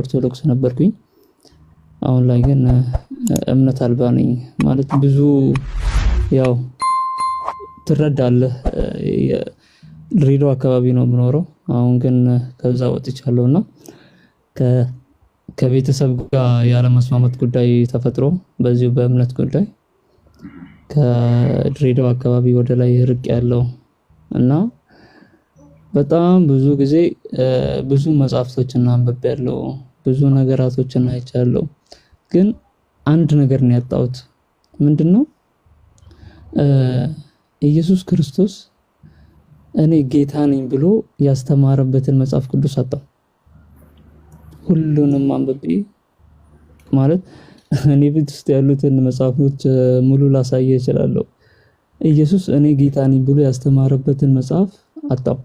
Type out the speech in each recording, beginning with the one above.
ኦርቶዶክስ ነበርኩኝ። አሁን ላይ ግን እምነት አልባ ነኝ ማለት ብዙ ያው ትረዳለህ። ድሬዳዋ አካባቢ ነው የምኖረው። አሁን ግን ከዛ ወጥቻለሁ እና ከቤተሰብ ጋር ያለመስማማት ጉዳይ ተፈጥሮ በዚሁ በእምነት ጉዳይ ከድሬዳዋ አካባቢ ወደ ላይ ርቅ ያለው እና በጣም ብዙ ጊዜ ብዙ መጽሐፍቶችን አንብቤያለሁ ብዙ ነገራቶችን አይቻለሁ። ግን አንድ ነገር ነው ያጣሁት ምንድነው? ኢየሱስ ክርስቶስ እኔ ጌታ ነኝ ብሎ ያስተማረበትን መጽሐፍ ቅዱስ አጣሁ። ሁሉንም አንብቤ ማለት እኔ ቤት ውስጥ ያሉትን መጽሐፎች ሙሉ ላሳየ እችላለሁ። ኢየሱስ እኔ ጌታ ነኝ ብሎ ያስተማረበትን መጽሐፍ አጣሁ።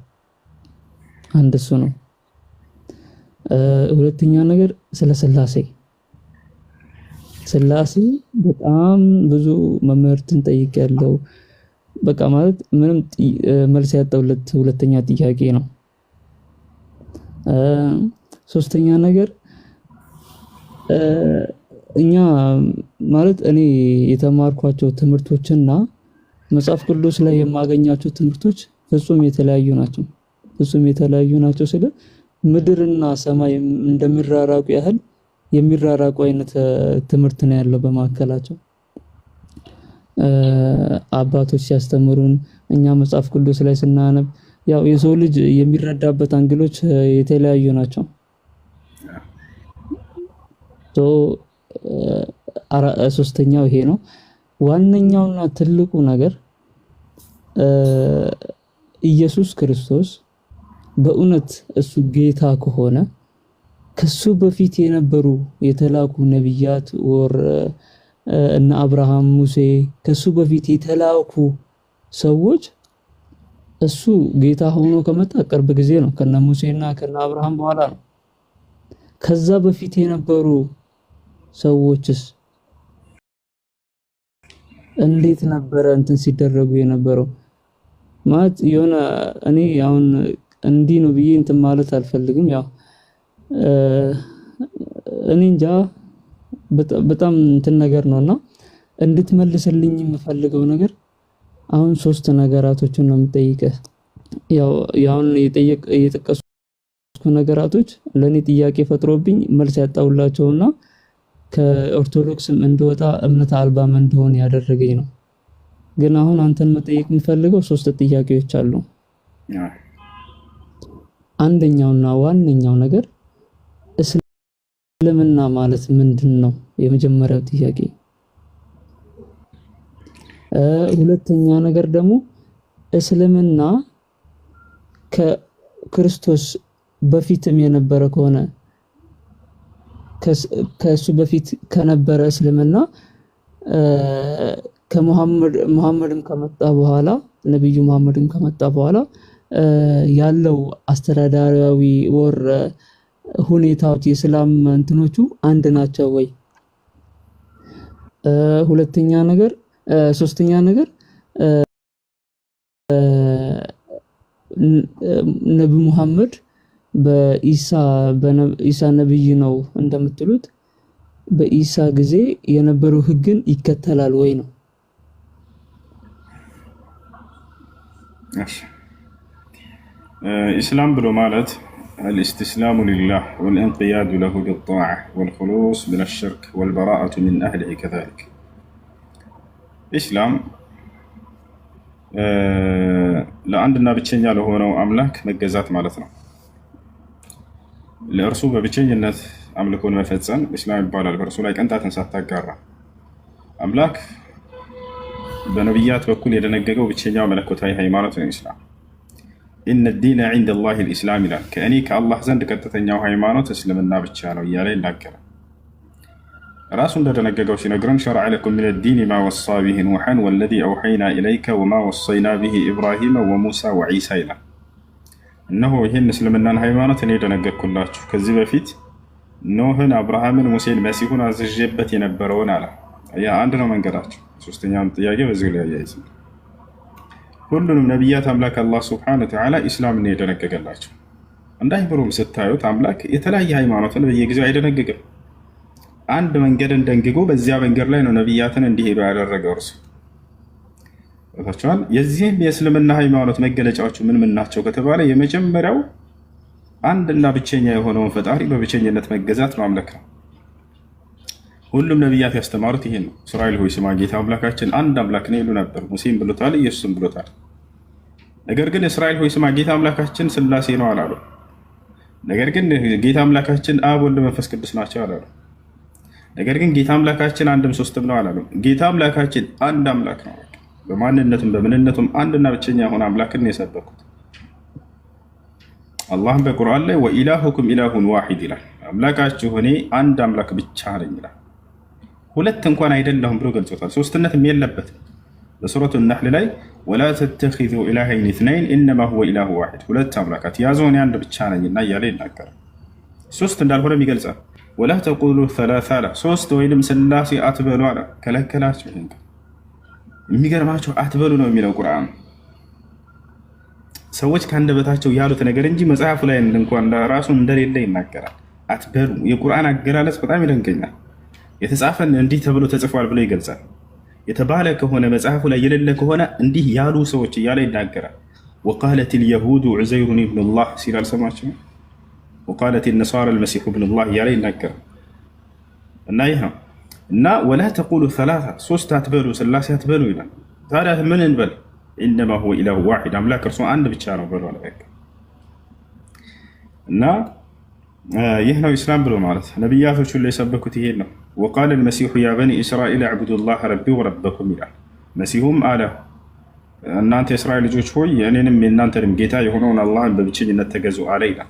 አንድ እሱ ነው። ሁለተኛ ነገር ስለ ስላሴ ስላሴ በጣም ብዙ መምህርትን ጠይቅ ያለው በቃ ማለት ምንም መልስ ያጠውለት ሁለተኛ ጥያቄ ነው። ሶስተኛ ነገር እኛ ማለት እኔ የተማርኳቸው ትምህርቶችና መጽሐፍ ቅዱስ ላይ የማገኛቸው ትምህርቶች ፍጹም የተለያዩ ናቸው። ፍጹም የተለያዩ ናቸው ስለ ምድርና ሰማይ እንደሚራራቁ ያህል የሚራራቁ አይነት ትምህርት ነው ያለው በማዕከላቸው። አባቶች ሲያስተምሩን እኛ መጽሐፍ ቅዱስ ላይ ስናነብ ያው የሰው ልጅ የሚረዳበት አንግሎች የተለያዩ ናቸው። ሶስተኛው ይሄ ነው። ዋነኛውና ትልቁ ነገር ኢየሱስ ክርስቶስ በእውነት እሱ ጌታ ከሆነ ከሱ በፊት የነበሩ የተላኩ ነቢያት ወር እነ አብርሃም፣ ሙሴ ከሱ በፊት የተላኩ ሰዎች እሱ ጌታ ሆኖ ከመጣ ቅርብ ጊዜ ነው። ከነ ሙሴና ከነ አብርሃም በኋላ ነው። ከዛ በፊት የነበሩ ሰዎችስ እንዴት ነበረ እንትን ሲደረጉ የነበረው ማለት የሆነ እኔ አሁን እንዲህ ነው ብዬ እንትን ማለት አልፈልግም። ያው እኔ እንጃ በጣም እንትን ነገር ነውና እንድትመልስልኝ የምፈልገው ነገር አሁን ሶስት ነገራቶችን ነው የምጠይቀህ። ያው ያውን የጠቀሱ ነገራቶች ለኔ ጥያቄ ፈጥሮብኝ መልስ ያጣውላቸውና ከኦርቶዶክስም እንደወጣ እምነት አልባም እንደሆን ያደረገኝ ነው። ግን አሁን አንተን መጠየቅ የምፈልገው ሶስት ጥያቄዎች አሉ። አንደኛውና ዋነኛው ነገር እስልምና ማለት ምንድን ነው? የመጀመሪያው ጥያቄ። ሁለተኛ ነገር ደግሞ እስልምና ከክርስቶስ በፊትም የነበረ ከሆነ ከሱ በፊት ከነበረ እስልምና ከሙሐመድ ሙሐመድም ከመጣ በኋላ ነብዩ ሙሐመድም ከመጣ በኋላ ያለው አስተዳዳሪያዊ ወር ሁኔታዎች የሰላም እንትኖቹ አንድ ናቸው ወይ? ሁለተኛ ነገር ሶስተኛ ነገር ነቢ ሙሐመድ በኢሳ በኢሳ ነብይ ነው እንደምትሉት በኢሳ ጊዜ የነበረው ህግን ይከተላል ወይ ነው። ኢስላም ብሎ ማለት አልእስትስላሙ ሊላህ ወልእንቅያዱ ለሁ ቢጣዓ ወልኹሉስ ምን አሽርክ ወልበራአቱ ምን አህሊሂ ከዛሊክ። ኢስላም ለአንድና ብቸኛ ለሆነው አምላክ መገዛት ማለት ነው። ለእርሱ በብቸኝነት አምልኮን መፈጸም ኢስላም ይባላል። በእርሱ ላይ ቅንጣትን ሳታጋራ አምላክ በነቢያት በኩል የደነገገው ብቸኛው መለኮታዊ ሃይማኖት ነው ኢስላም። ኢነ ዲነ ዒንደ ላሂ ልኢስላም ይላል። ከእኔ ከአላህ ዘንድ ቀጥተኛው ሃይማኖት እስልምና ብቻ ነው እያለ ይናገራል። ራሱ እንደደነገገው ሲነግረን ሸርዐ ለኩም ሚነ ዲን ማ ወሳ ብሂ ኑሐን ወለዚ አውሐይና ኢለይከ ወማ ወሰይና ብሂ ኢብራሂመ ወሙሳ ወዒሳ ይላል። እነሆ ይህን እስልምናን ሃይማኖት እኔ ደነገግኩላችሁ ከዚህ በፊት ኖህን፣ አብርሃምን፣ ሙሴን፣ መሲሁን አዝዤበት የነበረውን አለ። ያ አንድ ነው መንገዳቸው። ሶስተኛውን ጥያቄ በዚሁ ላይ ያያይዝ ሁሉንም ነቢያት አምላክ አላህ ስብሐነሁ ወተዓላ ኢስላም ነው የደነገገላቸው። እንዳይ ስታዩት አምላክ የተለያየ ሃይማኖትን በየጊዜው አይደነግግም። አንድ መንገድን ደንግጎ በዚያ መንገድ ላይ ነው ነቢያትን እንዲሄዱ ያደረገው እርሱ ታቸዋል። የዚህም የእስልምና ሃይማኖት መገለጫዎቹ ምን ምን ናቸው ከተባለ የመጀመሪያው አንድና ብቸኛ የሆነውን ፈጣሪ በብቸኝነት መገዛት ማምለክ ነው። ሁሉም ነቢያት ያስተማሩት ይሄን ነው። እስራኤል ሆይ ስማ፣ ጌታ አምላካችን አንድ አምላክ ነው ይሉ ነበር። ሙሴም ብሎታል፣ ኢየሱስም ብሎታል። ነገር ግን እስራኤል ሆይ ስማ፣ ጌታ አምላካችን ስላሴ ነው አላሉ። ነገር ግን ጌታ አምላካችን አብ፣ ወልድ፣ መንፈስ ቅዱስ ናቸው አላሉ። ነገር ግን ጌታ አምላካችን አንድም ሶስትም ነው አላሉ። ጌታ አምላካችን አንድ አምላክ ነው። በማንነቱም በምንነቱም አንድና ብቸኛ የሆነ አምላክን ነው የሰበኩት። አላህም በቁርአን ላይ ወኢላሁኩም ኢላሁን ዋሂድ ይላል። አምላካችሁ እኔ አንድ አምላክ ብቻ ነኝ ይላል። ሁለት እንኳን አይደለሁም ብሎ ገልጾታል። ሶስትነትም የለበትም። በሱረቱ ነሕል ላይ ወላ ተተኪዙ ኢላሀይን ኢትነይን ኢነማ ሁወ ኢላሁ ዋሒድ፣ ሁለት አምላካት ያዙ እኔ አንድ ብቻ እና እያለ ይናገር ሶስት እንዳልሆነም ይገልጻል። ወላ ተቁሉ ሰላሳ አለ፣ ሶስት ወይንም ስላሴ አትበሉ አለ፣ ከለከላቸው። የሚገርማቸው አትበሉ ነው የሚለው ቁርአን ሰዎች ከአንደበታቸው ያሉት ነገር እንጂ መጽሐፉ ላይ እንኳን ራሱ እንደሌለ ይናገራል። አትበሉ የቁርአን አገላለጽ በጣም ይደንቀኛል። የተጻፈን እንዲህ ተብሎ ተጽፏል ብሎ ይገልጻል። የተባለ ከሆነ መጽሐፉ ላይ የሌለ ከሆነ እንዲህ ያሉ ሰዎች እያለ ይናገራል። ወቃለት ልየሁዱ ዑዘይሩን ብንላህ ሲል አልሰማችሁ? ወቃለት ነሳራ ልመሲሑ ብንላህ እያለ ይናገራል። እና ይህ እና ወላ ተቁሉ ሰላሳ ሶስት አትበሉ ስላሴ አትበሉ ይላል። ታዲያ ምን እንበል? ኢነማ ሁወ ኢላሁ ዋሒድ አምላክ እርሱ አንድ ብቻ ነው ብሎ እና ይህ ነው ኢስላም ብሎ ማለት ነቢያቶች ሁሉ የሰበኩት ይሄን ነው። ወቃለ ልመሲሑ ያ በኒ እስራኤል አዕቡዱላህ ረቢ ወረበኩም ይላል። መሲሁም አለ እናንተ የእስራኤል ልጆች ሆይ የእኔንም የእናንተንም ጌታ የሆነውን አላህን በብቸኝነት ተገዙ አለ ይላል።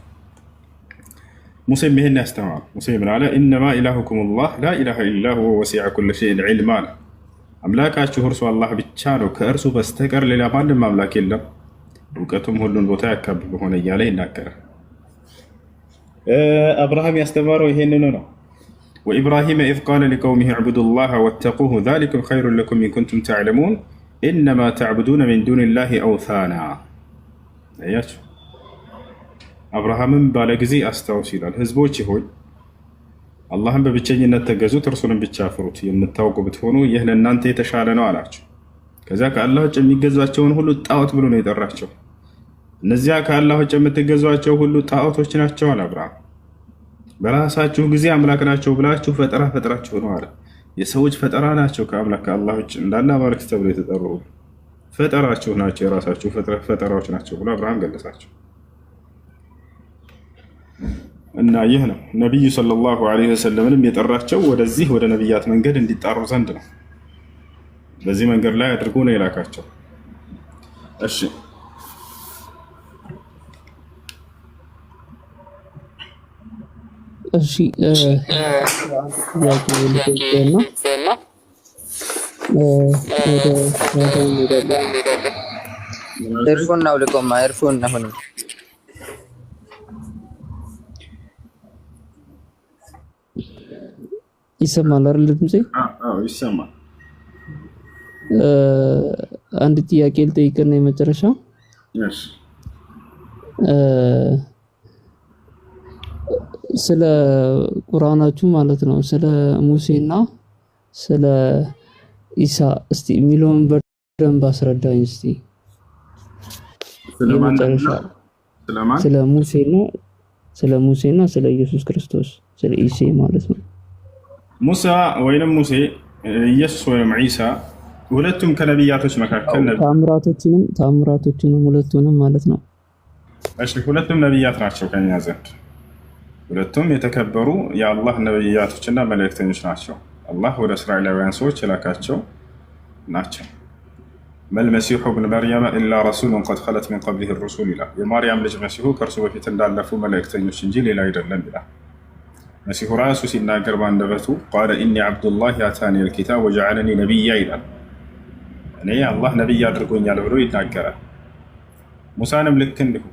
ሙሴም ይህን ያስተማሩ። ሙሴ ምን አለ? ኢነማ ኢላሁኩም ላህ ላ ኢላሃ ኢላ ሁወ ወሲዐ ኩለ ሸይን ዒልማ አለ። አምላካችሁ እርሱ አላህ ብቻ ነው፣ ከእርሱ በስተቀር ሌላ ማንም አምላክ የለም፣ እውቀቱም ሁሉን ቦታ ያካብ በሆነ እያለ ይናገራል። አብርሃም ያስተማረው ይሄንኑ ነው። ወኢብራሂመ ኢዝ ቃለ ሊቀውሚሂ ዕቡዱ ላህ ወተቁሁ ዛሊኩም ኸይሩን ለኩም ኢን ኩንቱም ተዕለሙን ኢነማ ተዕቡዱነ ሚን ዱኒላሂ አውሳና። አያችሁ አብርሃምም ባለ ጊዜ አስታውስ ይላል፣ ህዝቦች ሆይ አላህን በብቸኝነት ተገዙት፣ እርሱንም ብቻ ፍሩት፣ የምታውቁ ብትሆኑ ይህ ለእናንተ የተሻለ ነው አላቸው። ከዚያ ከአላህ ውጭ የሚገዟቸውን ሁሉ ጣዖት ብሎ ነው የጠራቸው። እነዚያ ከአላህ ውጭ የምትገዟቸው ሁሉ ጣዖቶች ናቸው አለ አብርሃም በራሳችሁ ጊዜ አምላክ ናቸው ብላችሁ ፈጠራ ፈጠራችሁ ነው አለ። የሰዎች ፈጠራ ናቸው ከአምላክ ከአላህ ውጭ እንዳለ አማልክት ተብሎ የተጠሩ ፈጠራችሁ ናቸው፣ የራሳችሁ ፈጠራዎች ናቸው ብሎ አብርሃም ገለጻቸው። እና ይህ ነው ነቢዩ ሰለላሁ ዐለይሂ ወሰለምንም የጠራቸው ወደዚህ ወደ ነቢያት መንገድ እንዲጣሩ ዘንድ ነው። በዚህ መንገድ ላይ አድርጎ ነው የላካቸው። እሺ እሺ ኤርፎን አውልቆማ ኤርፎን አሁንም ይሰማል አይደል? ድምጼ? ይሰማል። አንድ ጥያቄ ልጠይቅና የመጨረሻ ስለ ቁርአናችሁ ማለት ነው ስለ ሙሴና ስለ ኢሳ እስቲ የሚለውን በደንብ አስረዳኝ እስቲ። ስለ ሙሴና ስለ ሙሴና ስለ ኢየሱስ ክርስቶስ ስለ ኢሴ ማለት ነው። ሙሳ ወይም ሙሴ ኢየሱስ ወይም ዒሳ ሁለቱም ከነቢያቶች መካከል ታምራቶችንም ታምራቶችንም ሁለቱንም ማለት ነው። እሺ ሁለቱም ነቢያት ናቸው ከኛ ዘንድ ሁለቱም የተከበሩ የአላህ ነብያቶችና መልእክተኞች ናቸው። አላህ ወደ እስራኤላውያን ሰዎች የላካቸው ናቸው። መልመሲሑ ብን መርያመ ኢላ ረሱሉን ቀድ ኸለት ምን ቀብሊህ ሩሱል ይላል። የማርያም ልጅ መሲሁ ከእርሱ በፊት እንዳለፉ መልእክተኞች እንጂ ሌላ አይደለም ይላል። መሲሁ ራሱ ሲናገር ባንደበቱ ቃለ ኢኒ ዓብዱላህ አታኒ ልኪታብ ወጀዓለኒ ነቢያ ይላል። እኔ አላህ ነቢይ አድርጎኛል ብሎ ይናገራል። ሙሳንም ልክ እንዲሁ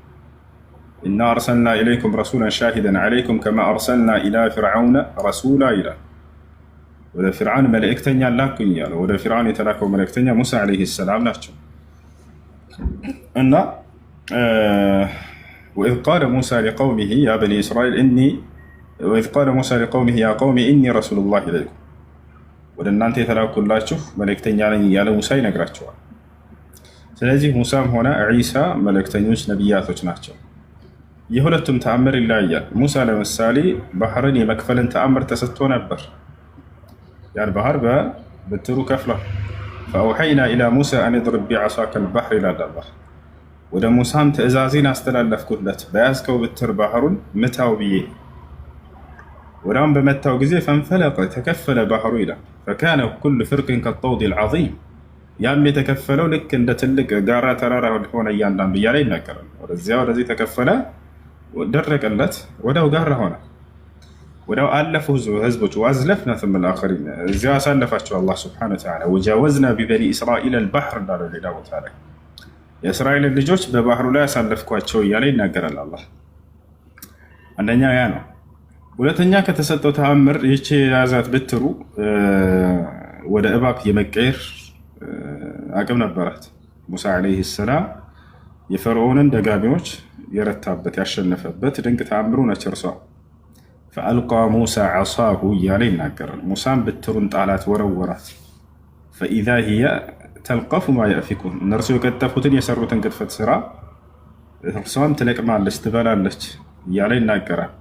እና አርሰልና ኢለይኩም ረሱላን ሻሂደን ዓለይኩም ከማ አርሰልና ኢላ ፊርዓውነ ረሱላ ይላል። ወደ ፊርዓን መልእክተኛ ላኩኝ ያለው ወደ ፊርዓን የተላከው መልእክተኛ ሙሳ ዓለይሂ ሰላም ናቸው። እና ወኢዝ ቃለ ሙሳ ሊቀውሚሂ ያ በኒ እስራኤል እኒ ወኢዝ ቃለ ሙሳ ሊቀውሚሂ ያ ቀውሚ እኒ ረሱሉላህ ኢለይኩም ወደ እናንተ የተላኩላችሁ መልእክተኛ ነኝ እያለ ሙሳ ይነግራቸዋል። ስለዚህ ሙሳም ሆነ ዒሳ መልእክተኞች ነቢያቶች ናቸው። የሁለቱም ተአምር ይለያያል። ሙሳ ለምሳሌ ባህርን የመክፈልን ተአምር ተሰጥቶ ነበር። ያን ባህር በብትሩ ከፍሏል። ፈአውሐይና ኢላ ሙሳ አን ድርብ ቢዓሳከል ባህር ይላል አላህ። ወደ ሙሳም ትእዛዜን አስተላለፍኩለት በያዝከው ብትር ባህሩን ምታው ብዬ ወዳም በመታው ጊዜ ፈንፈለቀ ተከፈለ ባህሩ ይላል። ፈካነ ኩሉ ፍርቅን ከጠውድ ልዓዚም ያም የተከፈለው ልክ እንደ ትልቅ ጋራ ተራራ ሆነ። እያንዳንዱ እያለ ይነገራል። ወደዚያ ወደዚህ ተከፈለ ደረቀለት፣ ወዳው ጋራ ሆነ፣ ወዳው አለፉ ህዝቦች። ዋዝለፍና ወአዝለፍናም ልአኸሪን እዚያው አሳለፋቸው አላህ ስብሐነሁ ወተዓላ። ወጃወዝና ቢበኒ እስራኤል አልባሕር እንዳለው ሌላ ቦታ ላይ የእስራኤል ልጆች በባህሩ ላይ አሳለፍኳቸው እያለ ይናገራል አላህ። አንደኛ ያ ነው። ሁለተኛ ከተሰጠው ተአምር ይቺ የያዛት ብትሩ ወደ እባብ የመቀየር አቅም ነበራት። ሙሳ ዓለይህ ሰላም የፈርዖንን ደጋሚዎች የረታበት ያሸነፈበት ድንቅ ተአምሩ ነች እርሷ። ፈአልቃ ሙሳ ዓሳሁ እያለ ይናገራል። ሙሳን ብትሩን ጣላት፣ ወረወራት። ፈኢዛ ሂያ ተልቀፉ ማ ያእፊኩን፣ እነርሱ የቀጠፉትን የሰሩትን ቅጥፈት ስራ እርሷም ትለቅማለች፣ ትበላለች እያለ ይናገራል።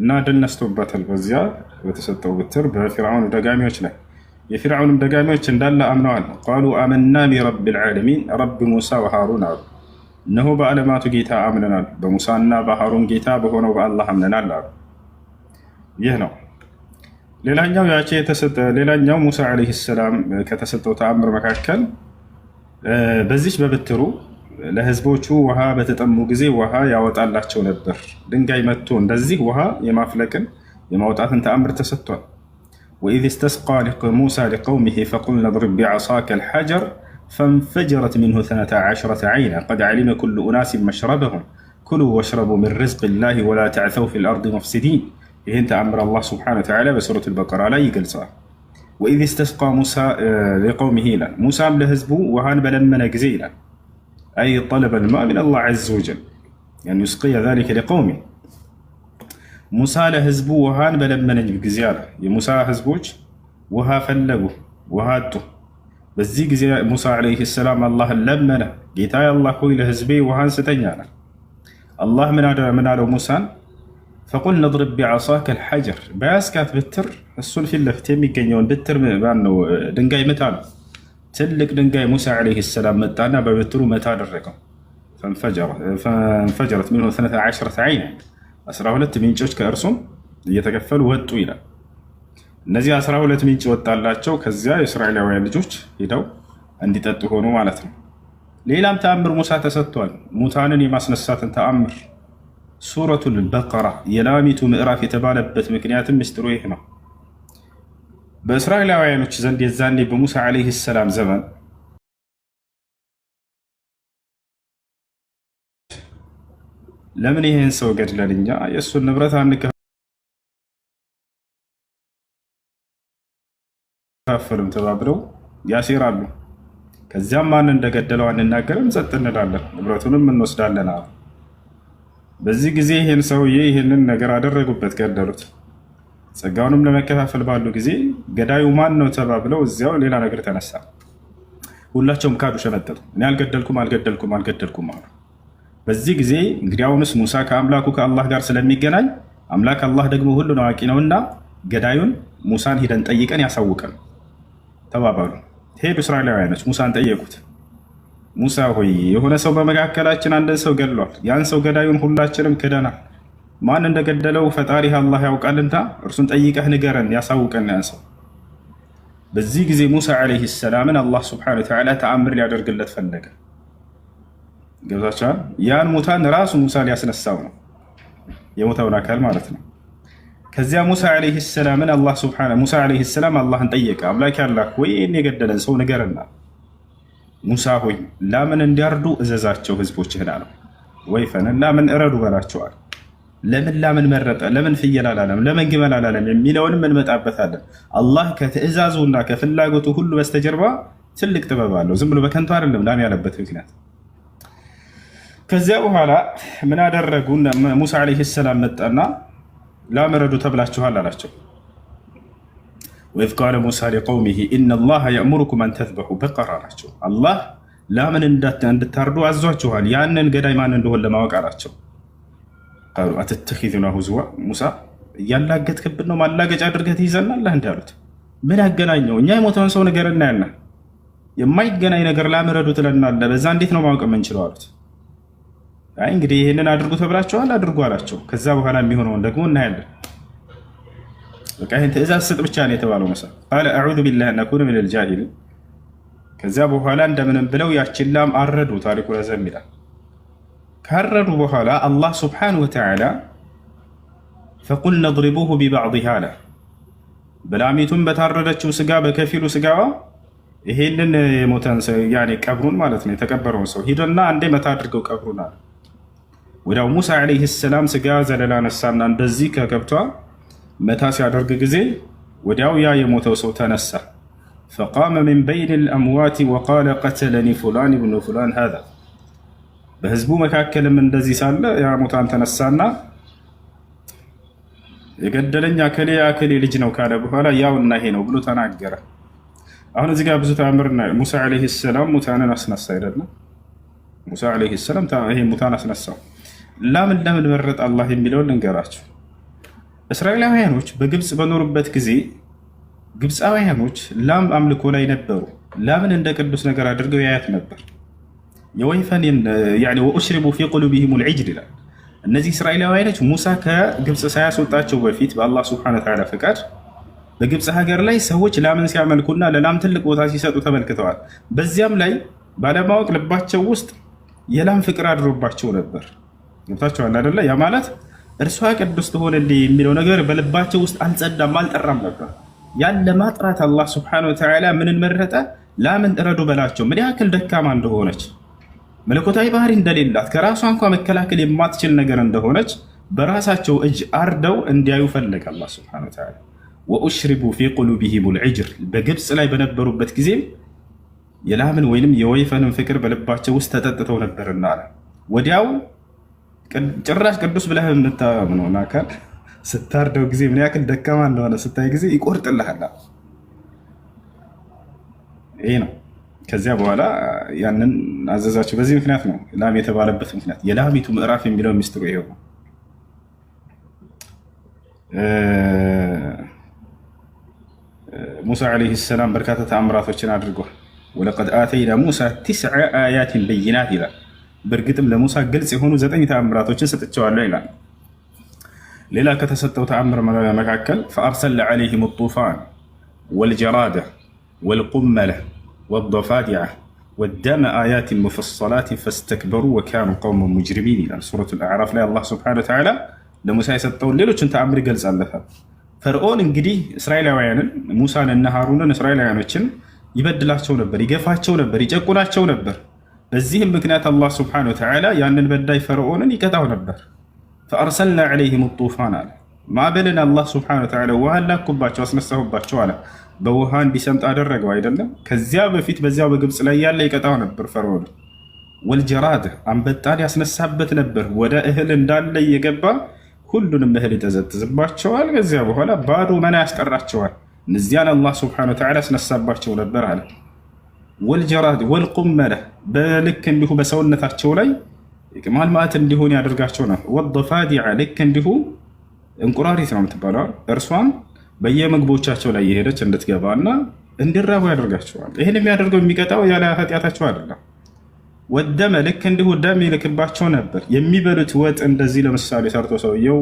እና ድል ነስቶባታል በዚያ በተሰጠው ብትር በፊርዓውን ደጋሚዎች ላይ። የፊርዓውንም ደጋሚዎች እንዳለ አምነዋል። ቃሉ አመና ቢረብ ልዓለሚን ረብ ሙሳ ወሃሩን አሉ እነሆ በዓለማቱ ጌታ አምነናል፣ በሙሳና በሃሩን ጌታ በሆነው በአላህ አምነናል አሉ። ይህ ነው። ሌላኛው ያቼ የተሰጠ ሌላኛው ሙሳ ዓለይሂ ሰላም ከተሰጠው ተአምር መካከል በዚች በብትሩ ለህዝቦቹ ውሃ በተጠሙ ጊዜ ውሃ ያወጣላቸው ነበር። ድንጋይ መጥቶ እንደዚህ ውሃ የማፍለቅን የማውጣትን ተአምር ተሰጥቷል። ወኢዝ ስተስቃ ሙሳ ሊቀውሚሂ ፈቁልነ ድሪብ ቢዓሳከ ልሐጀር فانفجرت منه ثنتا عشرة عينا قد علم كل أناس مشربهم كلوا واشربوا من رزق الله ولا تعثوا في الأرض مفسدين أنت أمر الله سبحانه وتعالى بسورة البقرة لا يقلصها وإذ استسقى موسى آه، لقومه لا موسى لهزبو وهان بلمنا جزيلا أي طلب الماء من الله عز وجل يعني يسقي ذلك لقومه موسى لهزبو وهان በለመነኝ ጊዜ موسى የሙሳ وها ውሃ ፈለጉ በዚህ ጊዜ ሙሳ ዓለይህ ሰላም አላህን ለመነ። ጌታ አላህ ሆይ ለህዝቤ ውሃን ስጠኝ አለ። አላህ ምን አለው ሙሳን? ፈቁል ነድርብ ቢዓሳከ ልሐጀር፣ በያስካት ብትር እሱን ፊት ለፊት የሚገኘውን ብትር ነው ድንጋይ ምታ ነው። ትልቅ ድንጋይ ሙሳ ዓለይህ ሰላም መጣና በብትሩ መታ አደረገው። ፈንፈጀረት ሚንሁ ስነተ ዓሽረተ ዐይን፣ 12 ምንጮች ከእርሱም እየተከፈሉ ወጡ ይላል። እነዚህ አስራ ሁለት ምንጭ ወጣላቸው። ከዚያ የእስራኤላውያን ልጆች ሄደው እንዲጠጡ ሆኑ ማለት ነው። ሌላም ተአምር ሙሳ ተሰጥቷል። ሙታንን የማስነሳትን ተአምር ሱረቱል በቀራ የላሚቱ ምዕራፍ የተባለበት ምክንያትም ምስጢሩ ይህ ነው። በእስራኤላውያኖች ዘንድ የዛኔ በሙሳ ዓለይህ ሰላም ዘመን ለምን ይህን ሰው ገድለን እኛ የእሱን ንብረት አንከ አፍርም ተባብለው ያሴራሉ። ከዚያም ማን እንደገደለው አንናገርም፣ ጸጥ እንላለን፣ ንብረቱንም እንወስዳለን አሉ። በዚህ ጊዜ ይህን ሰውዬ ይህንን ነገር አደረጉበት፣ ገደሉት። ጸጋውንም ለመከፋፈል ባሉ ጊዜ ገዳዩ ማን ነው ተባብለው እዚያው ሌላ ነገር ተነሳ። ሁላቸውም ካዱ፣ ሸመጠጡ። እኔ አልገደልኩም፣ አልገደልኩም፣ አልገደልኩም አሉ። በዚህ ጊዜ እንግዲያውንስ ሙሳ ከአምላኩ ከአላህ ጋር ስለሚገናኝ አምላክ አላህ ደግሞ ሁሉን አዋቂ ነውና ገዳዩን ሙሳን ሂደን ጠይቀን ያሳውቀን ተባባሉ። ሄዱ እስራኤላውያኖች ሙሳን ጠየቁት። ሙሳ ሆይ የሆነ ሰው በመካከላችን አንድን ሰው ገድሏል። ያን ሰው ገዳዩን ሁላችንም ክደናል። ማን እንደገደለው ፈጣሪህ አላህ ያውቃልና እርሱን ጠይቀህ ንገረን፣ ያሳውቀን ያን ሰው። በዚህ ጊዜ ሙሳ ዓለይሂ ሰላምን አላህ ሱብሓነሁ ወተዓላ ተአምር ሊያደርግለት ፈለገ። ገብዛቸዋል። ያን ሙታን ራሱ ሙሳ ሊያስነሳው ነው፣ የሞተውን አካል ማለት ነው። ከዚያ ሙሳ ዓለይሂ ሰላምን አላህ ሱብሓነሁ ሙሳ ዓለይሂ ሰላም አላህን ጠየቀ። አምላክ ያላ ወይ ይህን የገደለን ሰው ንገርና፣ ሙሳ ሆይ ላምን እንዲያርዱ እዘዛቸው ህዝቦችህን አለው። ወይፈንን ላምን እረዱ በላቸዋል። ለምን ላምን መረጠ? ለምን ፍየል አላለም? ለምን ግመል አላለም? የሚለውንም እንመጣበታለን። አላህ ከትዕዛዙና ከፍላጎቱ ሁሉ በስተጀርባ ትልቅ ጥበብ አለው። ዝም ብሎ በከንቱ አይደለም ላም ያለበት ምክንያት። ከዚያ በኋላ ምን አደረጉ? ሙሳ ዓለይሂ ሰላም መጣና ላምረዱ ተብላችኋል አላቸው። ወኢዝ ቃለ ሙሳ ሊቀውሚሂ ኢነላሃ የእሙሩኩም አን ተዝበሑ በቀር አላቸው። አላህ ላምን እንድታርዱ አዟችኋል፣ ያንን ገዳይ ማን እንደሆን ለማወቅ አላቸው። ቃሉ አተተኪዙና ሁዝዋ ሙሳ እያላገጥክብን ነው፣ ማላገጫ አድርገህ ትይዘናለህ እንዲ ምን ያገናኘው እኛ የሞተውን ሰው ነገር እናያና የማይገናኝ ነገር ላምረዱ ትለናለህ፣ በዛ እንዴት ነው ማወቅ የምንችለው አሉት። አይ እንግዲህ ይህንን አድርጉ ተብላችኋል፣ አድርጉ አላቸው። ከዛ በኋላ የሚሆነውን ደግሞ እናያለን። በቃ ይህን ትእዛዝ ስጥ ብቻ ነው የተባለው። መሳ ቃለ አዑዙ ቢላህ ነኩን ምን ልጃሂል። ከዚያ በኋላ እንደምንም ብለው ያችን ላም አረዱ። ታሪኩ ረዘም ይላል። ካረዱ በኋላ አላህ ሱብሓነሁ ወተዓላ ፈቁል ድሪቡሁ ቢባዕዲሃ አለ። በላሚቱም በታረደችው ስጋ በከፊሉ ስጋዋ ይሄንን የሞተን ሰው ያኔ ቀብሩን ማለት ነው የተቀበረውን ሰው ሂደና አንዴ መታ አድርገው ቀብሩን አለ ወዲያው ሙሳ ዓለይህ ሰላም ስጋ ዘለላ ነሳና እንደዚህ ከገብቷ መታ ሲያደርግ ጊዜ ወዲያው ያ የሞተው ሰው ተነሳ። ፈቃመ ሚን በይን ልአምዋት ወቃለ ቀተለኒ ፉላን ብኑ ፉላን ሃዛ። በህዝቡ መካከልም እንደዚህ ሳለ ያ ሙታን ተነሳና የገደለኝ አከሌ አከሌ ልጅ ነው ካለ በኋላ ያው ያውና ይሄ ነው ብሎ ተናገረ። አሁን እዚህ ጋር ብዙ ተአምር እናያለን። ሙሳ ዓለይህ ሰላም ሙታንን አስነሳ አይደለም? ሙሳ ዓለይህ ሰላም ይሄ ሙታን አስነሳው። ለምን ለምን መረጥ አላህ የሚለውን ልንገራቸው። እስራኤላውያኖች በግብፅ በኖሩበት ጊዜ ግብፃውያኖች ላም አምልኮ ላይ ነበሩ። ላምን እንደ ቅዱስ ነገር አድርገው ያያት ነበር። የወይፈንን ወኡሽሪቡ ፊ ቁሉቢሂም ልዒጅል ይላል። እነዚህ እስራኤላውያኖች ሙሳ ከግብፅ ሳያስወጣቸው በፊት በአላህ ስብሐነ ወተዓላ ፈቃድ በግብፅ ሀገር ላይ ሰዎች ላምን ሲያመልኩና ለላም ትልቅ ቦታ ሲሰጡ ተመልክተዋል። በዚያም ላይ ባለማወቅ ልባቸው ውስጥ የላም ፍቅር አድሮባቸው ነበር። ገብታችኋል አይደለ? ያ ማለት እርሷ ቅዱስ ትሆንልኝ የሚለው ነገር በልባቸው ውስጥ አልጸዳም፣ አልጠራም ነበር። ያን ለማጥራት አላህ ስብሐነሁ ወተዓላ ምንን መረጠ? ላምን እረዱ በላቸው ምን ያክል ደካማ እንደሆነች መለኮታዊ ባህሪ እንደሌላት ከራሷ እንኳ መከላከል የማትችል ነገር እንደሆነች በራሳቸው እጅ አርደው እንዲያዩ ፈለገ አላህ ስብሐነሁ ወተዓላ። ወኡሽሪቡ ፊ ቁሉቢሂሙል ዒጅር በግብፅ ላይ በነበሩበት ጊዜም የላምን ወይንም የወይፈንን ፍቅር በልባቸው ውስጥ ተጠጥተው ነበርና አለ ወዲያው ጭራሽ ቅዱስ ብለህ የምታምነውን አካል ስታርደው ጊዜ ምን ያክል ደካማ እንደሆነ ስታይ ጊዜ ይቆርጥልሃል። ይህ ነው። ከዚያ በኋላ ያንን አዘዛቸው። በዚህ ምክንያት ነው ላም የተባለበት ምክንያት። የላሚቱ ምዕራፍ የሚለው ሚስጥሩ ይሄው ሙሳ ዓለይሂ ሰላም በርካታ ተአምራቶችን አድርጓል። ወለቀድ አተይና ሙሳ ቲስዐ አያትን በይናት ይላል በእርግጥም ለሙሳ ግልጽ የሆኑ ዘጠኝ ተአምራቶችን ሰጥቸዋለሁ ይላል። ሌላ ከተሰጠው ተአምር መካከል ፈአርሰልና ዓለይሂም ጡፋን ወልጀራደ ወልቁመለ ወዳፋዲዓ ወደመ አያትን ሙፈሰላት ፈስተክበሩ ወካኑ ቀውመ ሙጅሪሚን ይላል። ሱረቱል አዕራፍ ላይ አላህ ሱብሓነሁ ወተዓላ ለሙሳ የሰጠውን ሌሎችን ተአምር ይገልጻለታል። ፈርዖን እንግዲህ እስራኤላውያንን ሙሳንና ሃሩንን እስራኤላውያኖችን ይበድላቸው ነበር፣ ይገፋቸው ነበር፣ ይጨቁናቸው ነበር። በዚህም ምክንያት አላህ ስብሐነሁ ወተዓላ ያንን በዳይ ፈርዖንን ይቀጣው ነበር። ፈአርሰልና ዐለይሂም ጡፋን አለ ማዕበልን አላህ ስብሐነሁ ወተዓላ ውሃ ላኩባቸው፣ አስነሳሁባቸው አለ። በውሃ እንዲሰምጥ አደረገው አይደለም። ከዚያ በፊት በዚያው በግብፅ ላይ ያለ ይቀጣው ነበር ፈርዖን። ወልጀራድ አንበጣን ያስነሳበት ነበር። ወደ እህል እንዳለ እየገባ ሁሉንም እህል ይጠዘጥዝባቸዋል። ከዚያ በኋላ ባዶ መና ያስቀራቸዋል። እነዚያን አላህ ስብሐነሁ ወተዓላ ያስነሳባቸው ነበር አለ። ወልጀራድ ወልቁመለ በልክ እንዲሁ በሰውነታቸው ላይ ማልማት እንዲሆን ያደርጋቸው ነበር። ወደፋዲዐ ልክ እንዲሁ እንቁራሪት ነው የምትባለዋል። እርሷን በየምግቦቻቸው ላይ የሄደች እንድትገባ እና እንዲራቡ ያደርጋቸዋል። ይህን የሚያደርገው የሚቀጣው ያለ ኃጢአታቸው አይደለም። ወደመ ልክ እንዲሁ ደም ይልክባቸው ነበር። የሚበሉት ወጥ እንደዚህ ለምሳሌ ሰርቶ ሰውየው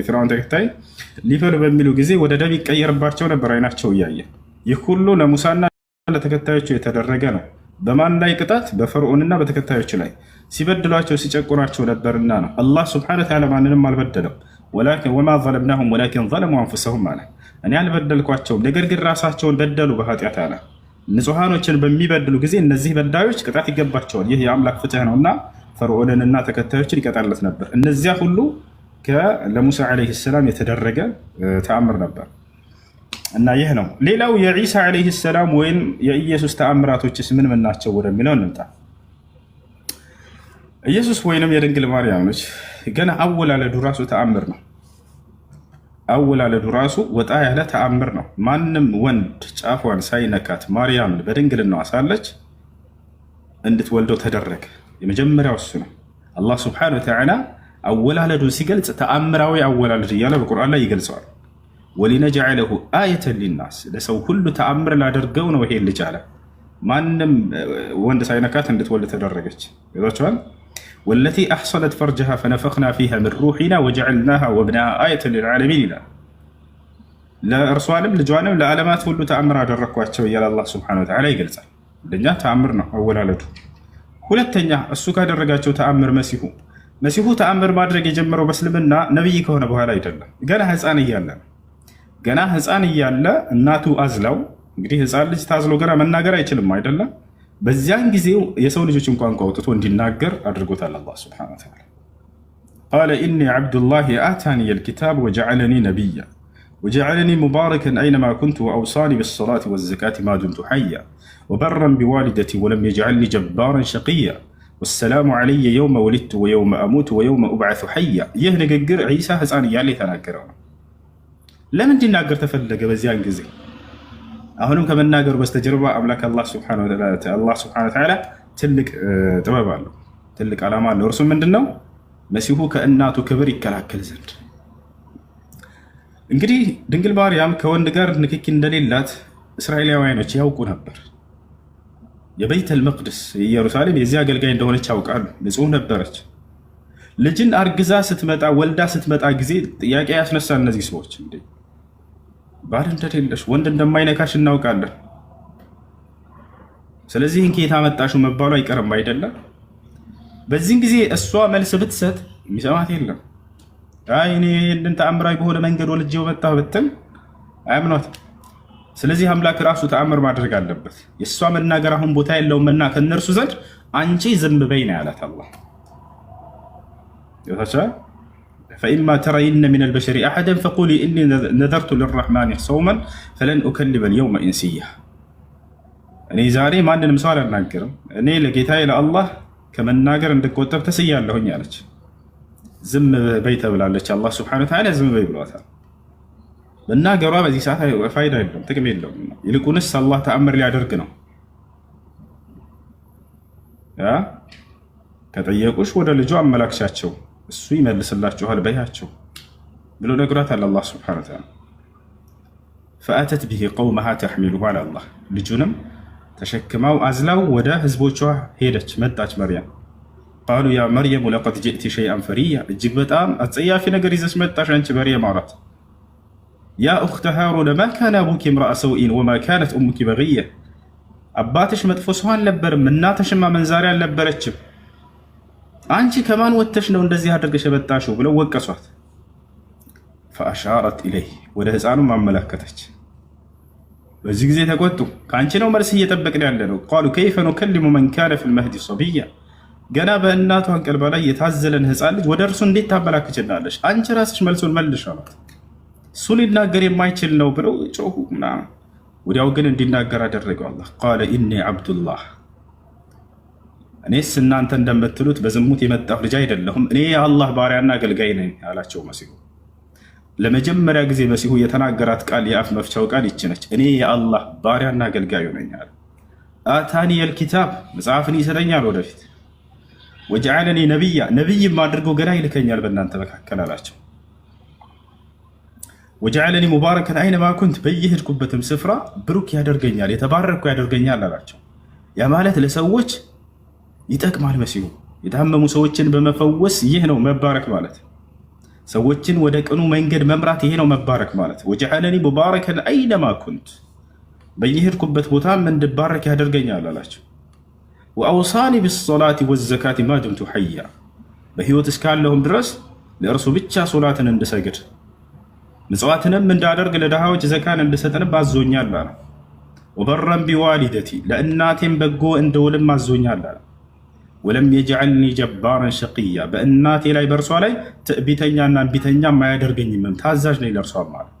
የፊራውን ተከታይ ሊፈሉ በሚሉ ጊዜ ወደ ደም ይቀየርባቸው ነበር፣ አይናቸው እያየ ይህ ሁሉ ለሙሳና ለተከታዮቹ የተደረገ ነው። በማን ላይ ቅጣት? በፈርዖንና በተከታዮች ላይ ሲበድሏቸው ሲጨቁናቸው ነበርና ነው። አላህ ስብሐነ ወተዓላ ማንንም አልበደለም። ወማ ዘለምናሁም ወላኪን ዘለሙ አንፉሰሁም አለ። እኔ አልበደልኳቸውም፣ ነገር ግን ራሳቸውን በደሉ በኃጢአት አለ። ንጹሐኖችን በሚበድሉ ጊዜ እነዚህ በዳዮች ቅጣት ይገባቸዋል። ይህ የአምላክ ፍትህ ነውና ፈርዖንንና ተከታዮችን ይቀጣለት ነበር። እነዚያ ሁሉ ለሙሳ ዓለይሂ ሰላም የተደረገ ተአምር ነበር። እና ይህ ነው። ሌላው የዒሳ ዓለይህ ሰላም ወይም የኢየሱስ ተአምራቶችስ ምን ምን ናቸው ወደሚለው እንምጣ። ኢየሱስ ወይንም የድንግል ማርያም ነች ገና አወላለዱ ራሱ ተአምር ነው። አወላለዱ ራሱ ወጣ ያለ ተአምር ነው። ማንም ወንድ ጫፏን ሳይነካት ማርያምን በድንግልናዋ ሳለች እንድትወልደው ተደረገ። የመጀመሪያው እሱ ነው። አላህ ስብሐነሁ ወተዓላ አወላለዱን ሲገልጽ ተአምራዊ አወላለድ እያለ በቁርአን ላይ ይገልጸዋል። ወሊነጅዐለሁ አየተን ሊናስ ለሰው ሁሉ ተአምር ላደርገው ነው ይሄን ልጅ አለ። ማንም ወንድ ሳይነካት እንድትወልድ ተደረገች። ይዟቸዋል ወለቲ አሕሰነት ፈርጅሃ ፈነፈኽና ፊሃ ምን ሩሒና ወጀዐልናሃ ወብነሃ አየተን ሊልዓለሚን ይላል። ለእርሷንም ልጇንም ለዓለማት ሁሉ ተአምር አደረግኳቸው እያለ አላህ ሱብሓነሁ ወተዓላ ይገልጻል። አንደኛ ተአምር ነው አወላለዱ። ሁለተኛ እሱ ካደረጋቸው ተአምር መሲሁ መሲሁ ተአምር ማድረግ የጀመረው በእስልምና ነቢይ ከሆነ በኋላ አይደለም፣ ገና ህፃን እያለ ነው ገና ህፃን እያለ እናቱ አዝለው እንግዲህ ህፃን ልጅ ታዝሎ ገና መናገር አይችልም አይደለም። በዚያን ጊዜ የሰው ልጆችን ቋንቋ አውጥቶ እንዲናገር አድርጎታል አላህ ሱብሓነሁ ወተዓላ። ቃለ ኢኒ ዐብዱላህ አታኒ ልኪታብ ወጀዐለኒ ነቢያ ወጀዐለኒ ሙባረከን አይነማ ኩንቱ ወአውሳኒ ብሰላቲ ወዘካቲ ማዱምቱ ሐያ ወበረን ቢዋሊደቲ ወለም የጅዐልኒ ጀባረን ሸቅያ ወሰላሙ ዐለየ የውመ ወሊድቱ ወየውመ አሙቱ ወየውመ ኡብዐቱ ሐያ። ይህ ንግግር ዒሳ ህፃን እያለ የተናገረው ነው። ለምን እንዲናገር ተፈለገ? በዚያን ጊዜ አሁንም ከመናገሩ በስተጀርባ አምላክ አላህ ስብሐነ ወተዓላ ትልቅ ጥበብ አለው፣ ትልቅ ዓላማ አለው። እርሱ ምንድን ነው? መሲሁ ከእናቱ ክብር ይከላከል ዘንድ እንግዲህ ድንግል ማርያም ከወንድ ጋር ንክኪ እንደሌላት እስራኤላውያኖች ያውቁ ነበር። የበይተል መቅደስ የኢየሩሳሌም የዚህ አገልጋይ እንደሆነች ያውቃሉ። ንጹሕ ነበረች። ልጅን አርግዛ ስትመጣ ወልዳ ስትመጣ ጊዜ ጥያቄ ያስነሳል። እነዚህ ሰዎች ባል እንደሌለሽ ወንድ እንደማይነካሽ እናውቃለን። ስለዚህ ከየት አመጣሽው መባሉ አይቀርም አይደለም። በዚህን ጊዜ እሷ መልስ ብትሰጥ የሚሰማት የለም። አይ እኔ ይህንን ተአምራዊ በሆነ መንገድ ወልጄው መጣሁ ብትል አያምኗት። ስለዚህ አምላክ ራሱ ተአምር ማድረግ አለበት። የእሷ መናገር አሁን ቦታ የለውምና ከእነርሱ ዘንድ አንቺ ዝም በይ ነው ያላት አላህ ፈኢማ ترين من البشر أحدا فقولي እኒ نذرت للرحمن ሰውመን ፈለን أكلم اليوم ኢንስያ እኔ ዛሬ ማንንም ሰው አላናገርም፣ እኔ ለጌታዬ ለአላህ ከመናገር እንድቆጠብ ተስያለሁኝ አለች። ዝም በይ ተብላለች። አላህ ሱብሓነሁ ወተዓላ ዝም በይ ብሏታል። መናገሯ በዚህ ሰዓት ፋይዳ የለውም፣ ጥቅም የለውም። ይልቁንስ አላህ ተአምር ሊያደርግ ነው። ከጠየቁሽ ወደ ልጁ አመላክሻቸው እሱ ይመልስላችኋል በያቸው ብሎ ነግሯታል። አላህ ስብሐነሁ ወተዓላ ፈአተት ብሂ ቀውመሃ ተሕሚሉሁ አለ አላህ ልጁንም ተሸክማው አዝላው ወደ ህዝቦቿ ሄደች መጣች። መርያም ቃሉ ያ መርየሙ ለቀድ ጅእቲ ሸይአን ፈሪያ፣ እጅግ በጣም አጸያፊ ነገር ይዘች መጣሽ አንቺ መርየም አሏት። ያ ኡኽተ ሃሩነ ማ ካነ አቡኪ እምረአ ሰውኢን ወማ ካነት ኡሙኪ በግየ፣ አባትሽ መጥፎ ሰው አልነበርም እናትሽም አመንዛሪ አልነበረችም። አንቺ ከማን ወተሽ ነው እንደዚህ አድርገሽ የመጣሽው ብለው ወቀሷት። ፈአሻረት ኢለይ ወደ ህፃኑ አመላከተች። በዚህ ጊዜ ተቆጡ። ከአንቺ ነው መልስ እየጠበቅን ያለ ነው። ቃሉ ከይፈ ኑከሊሙ መን ካነ ፊል መህዲ ሶብያ፣ ገና በእናቷ አንቀልባ ላይ የታዘለን ህፃን ልጅ ወደ እርሱ እንዴት ታመላክችናለሽ? አንቺ ራስሽ መልሱን መልሽ አሏት። እሱ ሊናገር የማይችል ነው ብለው ጮሁ። ምናምን ወዲያው ግን እንዲናገር አደረገው አላህ ቃለ ኢኒ አብዱላህ እኔስ እናንተ እንደምትሉት በዝሙት የመጣሁ ልጅ አይደለሁም፣ እኔ የአላህ ባሪያና አገልጋይ ነኝ አላቸው መሲሁ። ለመጀመሪያ ጊዜ መሲሁ የተናገራት ቃል የአፍ መፍቻው ቃል ይች ነች፣ እኔ የአላህ ባሪያና አገልጋዩ ነኝ አለ። አታኒ የልኪታብ መጽሐፍን ይሰጠኛል ወደፊት፣ ወጀዓለኒ ነቢያ ነቢይም አድርገው ገና ይልከኛል በእናንተ መካከል አላቸው። ወጀዓለኒ ሙባረከን አይነማ ኩንት በየሄድኩበትም ስፍራ ብሩክ ያደርገኛል የተባረኩ ያደርገኛል አላቸው። ያ ማለት ለሰዎች ይጠቅማል። መሲሁ የታመሙ ሰዎችን በመፈወስ ይህ ነው መባረክ ማለት። ሰዎችን ወደ ቅኑ መንገድ መምራት ይሄ ነው መባረክ ማለት። ወጀዐለኒ ሙባረከን አይነማ ኩንት፣ በየሄድኩበት ቦታ እንድባረክ ያደርገኛል አላቸው። ወአውሳኒ ብሶላቲ ወዘካቲ ማድምቱ ሐያ፣ በህይወት እስካለሁም ድረስ ለእርሱ ብቻ ሶላትን እንድሰግድ ምጽዋትንም እንዳደርግ ለድሃዎች ዘካን እንድሰጥንም አዞኛል አለ። ወበረን ቢዋሊደቲ፣ ለእናቴም በጎ እንደውልም አዞኛል አለ። ወለም የጅዐልኒ ጀባረን ሸቅያ በእናቴ ላይ በእርሷ ላይ ትዕቢተኛና እንቢተኛ አያደርገኝምም ታዛዥ ነኝ ለእርሷ ማለት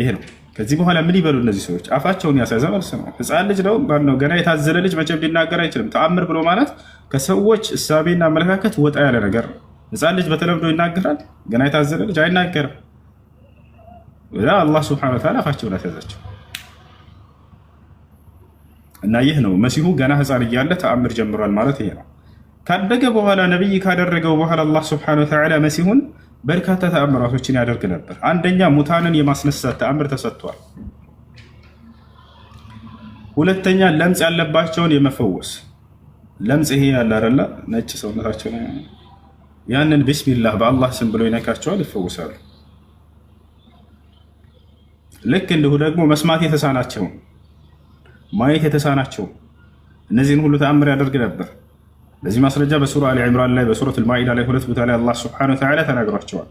ይሄ ነው። ከዚህ በኋላ ምን ይበሉ እነዚህ ሰዎች? አፋቸውን ያሳዘ መልስ ነው። ሕፃን ልጅ ነው ነው ገና የታዘለ ልጅ መቼም ሊናገር አይችልም። ተአምር ብሎ ማለት ከሰዎች እሳቤና አመለካከት ወጣ ያለ ነገር ነው። ሕፃን ልጅ በተለምዶ ይናገራል። ገና የታዘለ ልጅ አይናገርም። አላህ ስብሐነሁ ወተዓላ አፋቸውን ያሳዛቸው እና ይህ ነው መሲሁ ገና ህፃን እያለ ተአምር ጀምሯል ማለት ይሄ ነው። ካደገ በኋላ ነቢይ ካደረገው በኋላ አላህ ሱብሓነሁ ወተዓላ መሲሁን በርካታ ተአምራቶችን ያደርግ ነበር። አንደኛ ሙታንን የማስነሳት ተአምር ተሰጥቷል። ሁለተኛ ለምጽ ያለባቸውን የመፈወስ ለምጽ ይሄ ያለ አይደለ ነጭ ሰውነታቸው ያንን ቢስሚላህ በአላህ ስም ብሎ ይነካቸዋል፣ ይፈወሳሉ። ልክ እንዲሁ ደግሞ መስማት የተሳናቸውን ማየት የተሳናቸው እነዚህን ሁሉ ተአምር ያደርግ ነበር። ለዚህ ማስረጃ በሱራ አሊ ዕምራን ላይ በሱረት ልማኢዳ ላይ ሁለት ቦታ ላይ አላህ ስብሐነሁ ወተዓላ ተናግሯቸዋል።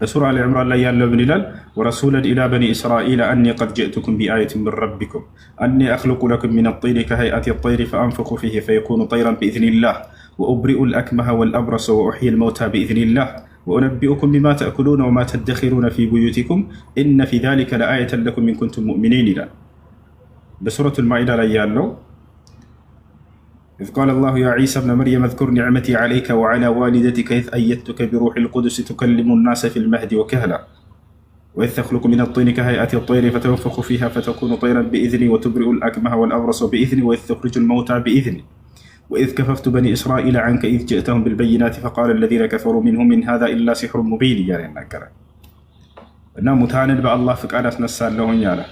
በሱራ አሊ ዕምራን ላይ ያለው ምን ይላል? ወረሱለን ኢላ በኒ እስራኢል አኒ ቀድ ጅእትኩም ቢአየትን ምን ረቢኩም አኒ አክልቁ ለኩም ምን ጢኒ ከሀይአት ጠይሪ ፈአንፍኩ ፊህ ፈየኩኑ ጠይራን ብኢዝኒላህ ወኡብሪኡ ልአክመሃ ወልአብረሰ ወኡሕይ ልመውታ ብኢዝኒላህ وأنبئكم بما تأكلون وما تدخرون في بيوتكم إن في ذلك لآية لكم إن كنتم مؤمنين إلى بسورة ማኢዳ ላይ ያለው إذ قال الله يا عيسى ابن مريم اذكر نعمتي عليك وعلى والدتك إذ أيدتك بروح القدس تكلم الناس في المهد وكهلا وإذ تخلق من الطين كهيئة الطير فتنفخ فيها فتكون طيرا بإذني وتبرئ الأكمه والأبرص بإذني وإذ تخرج الموتى بإذني وإذ كففت بني إسرائيل عنك إذ جئتهم بالبينات فقال الذين كفروا منهم إن هذا إلا سحر مبين يعني متعاند بأ الله فكأنا ፍቃድ አስነሳለሁኝ يعني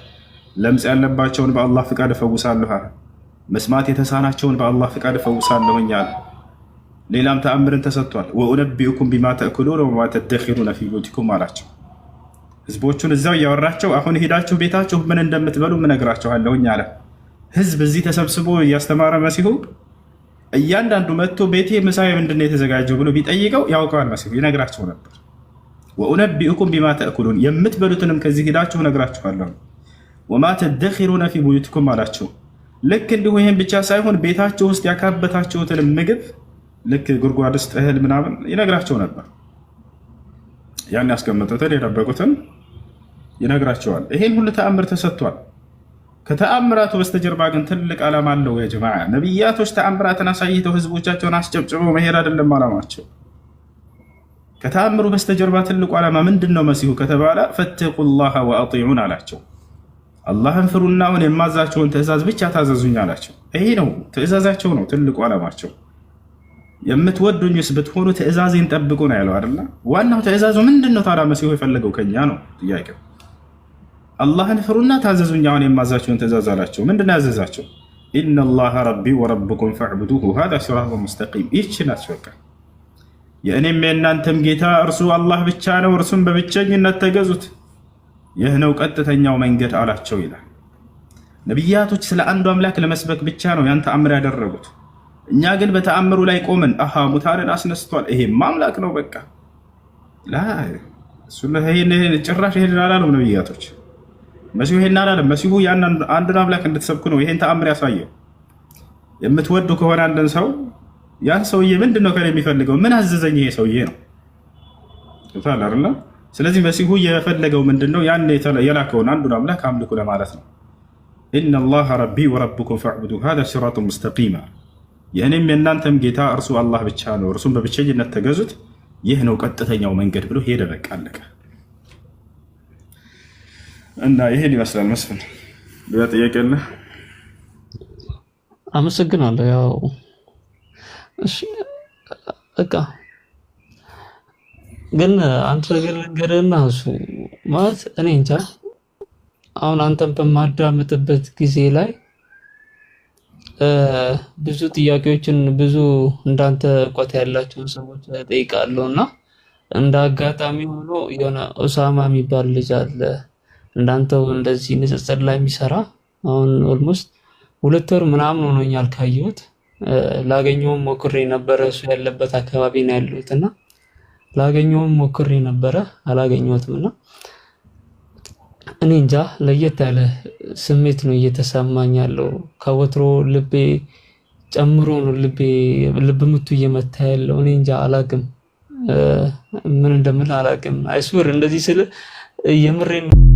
ለምጽ ያለባቸውን በአላህ ፍቃድ እፈውሳለሁ አለ። መስማት የተሳናቸውን በአላህ ፍቃድ እፈውሳለሁኝ አለ። ሌላም ተአምርን ተሰጥቷል። ወኡነቢኡኩም ቢማ ተእኩሉነ ወማ ተደኪሩነ ፊ ቡቲኩም አላቸው። ህዝቦቹን እዚያው እያወራቸው አሁን ሄዳችሁ ቤታችሁ ምን እንደምትበሉ እነግራችኋለሁኝ አለ። ህዝብ እዚህ ተሰብስቦ እያስተማረ መሲሁ እያንዳንዱ መጥቶ ቤቴ ምሳዬ ምንድነው የተዘጋጀው ብሎ ቢጠይቀው ያውቀዋል። መሲሁ ይነግራቸው ነበር። ወኡነቢኡኩም ቢማ ተእኩሉን የምትበሉትንም ከዚህ ሄዳችሁ እነግራችኋለሁ ወማ ተደኪሩነ ፊ ቡዩትኩም አላቸው። ልክ እንዲሁ ይህም ብቻ ሳይሆን ቤታቸው ውስጥ ያካበታችሁትን ምግብ ልክ ጉድጓድ ውስጥ እህል ምናምን ይነግራቸው ነበር። ያን ያስቀመጡትን የደበቁትን ይነግራቸዋል። ይህን ሁሉ ተአምር ተሰጥቷል። ከተአምራቱ በስተጀርባ ግን ትልቅ ዓላማ አለው። የጀማ ነቢያቶች ተአምራትን አሳይተው ህዝቦቻቸውን አስጨብጭበው መሄድ አይደለም ዓላማቸው። ከተአምሩ በስተጀርባ ትልቁ ዓላማ ምንድን ነው? መሲሁ ከተባለ ፈተቁላሃ ላህ ወአጢዑን አላቸው። አላህን ፍሩና አሁን የማዛቸውን ትእዛዝ ብቻ ታዘዙኝ አላቸው። ይሄ ነው ትእዛዛቸው፣ ነው ትልቁ ዓላማቸው። የምትወዱኝስ ብትሆኑ ትእዛዜን ጠብቁ ነው ያለው አይደለ? ዋናው ትእዛዙ ምንድን ነው ታዲያ? መሲሁ የፈለገው ከኛ ነው ጥያቄው። አላህን ፍሩና ታዘዙኝ አሁን የማዛቸውን ትእዛዝ አላቸው። ምንድን ነው ያዘዛቸው? ኢነላሀ ረቢ ወረብኩም ፈዕቡዱሁ ሃዛ ሲራጡን ሙስተቂም። ናት ናስፈቃ የእኔም የእናንተም ጌታ እርሱ አላህ ብቻ ነው፣ እርሱም በብቸኝነት ተገዙት ይህ ነው ቀጥተኛው መንገድ አላቸው ይላል። ነቢያቶች ስለ አንዱ አምላክ ለመስበክ ብቻ ነው ያን ተአምር ያደረጉት። እኛ ግን በተአምሩ ላይ ቆመን አሀ ሙታንን አስነስቷል፣ ይሄማ አምላክ ነው በቃ ጭራሽ ይሄን አላለም ነብያቶች። መሲሁ ይሄን አላለም። መሲሁ ያን አንድን አምላክ እንድትሰብኩ ነው ይሄን ተአምር ያሳየው። የምትወዱ ከሆነ አንድን ሰው ያን ሰውዬ ምንድን ነው ከ የሚፈልገው? ምን አዘዘኝ ይሄ ሰውዬ ነው ታል ስለዚህ መሲሁ የፈለገው ምንድነው? ያን የላከውን አንዱን አምላክ አምልኩ ለማለት ነው። ኢነላሃ ረቢ ወረብኩም ፈዕቡዱ ሃዛ ሲራጡን ሙስተቂማ የእኔም የእናንተም ጌታ እርሱ አላህ ብቻ ነው፣ እርሱም በብቸኝነት ተገዙት፣ ይህ ነው ቀጥተኛው መንገድ ብሎ ሄደ። በቃ አለቀ። እና ይሄን ይመስላል። መስፍን ሌላ ጥያቄ አለ? አመሰግናለሁ። ያው እሺ በቃ ግን አንተ ነገር ልንገርህና እሱ ማለት እኔ እንጃ አሁን አንተን በማዳመጥበት ጊዜ ላይ ብዙ ጥያቄዎችን ብዙ እንዳንተ እውቀት ያላቸውን ሰዎች ጠይቃለሁ እና እንደ አጋጣሚ ሆኖ የሆነ ኡሳማ የሚባል ልጅ አለ እንዳንተው እንደዚህ ንጽጽር ላይ የሚሰራ አሁን ኦልሞስት ሁለት ወር ምናምን ሆኖኛል ካየሁት ላገኘውም ሞክሬ ነበረ እሱ ያለበት አካባቢ ነው ያለሁት እና ላገኘውም ሞክሬ ነበረ አላገኘሁትም። እና እኔ እንጃ ለየት ያለ ስሜት ነው እየተሰማኝ ያለው። ከወትሮ ልቤ ጨምሮ ነው ልቤ ልብ ምቱ እየመታ ያለው። እኔ እንጃ አላቅም፣ ምን እንደምን አላቅም። አይሱር እንደዚህ ስል የምሬን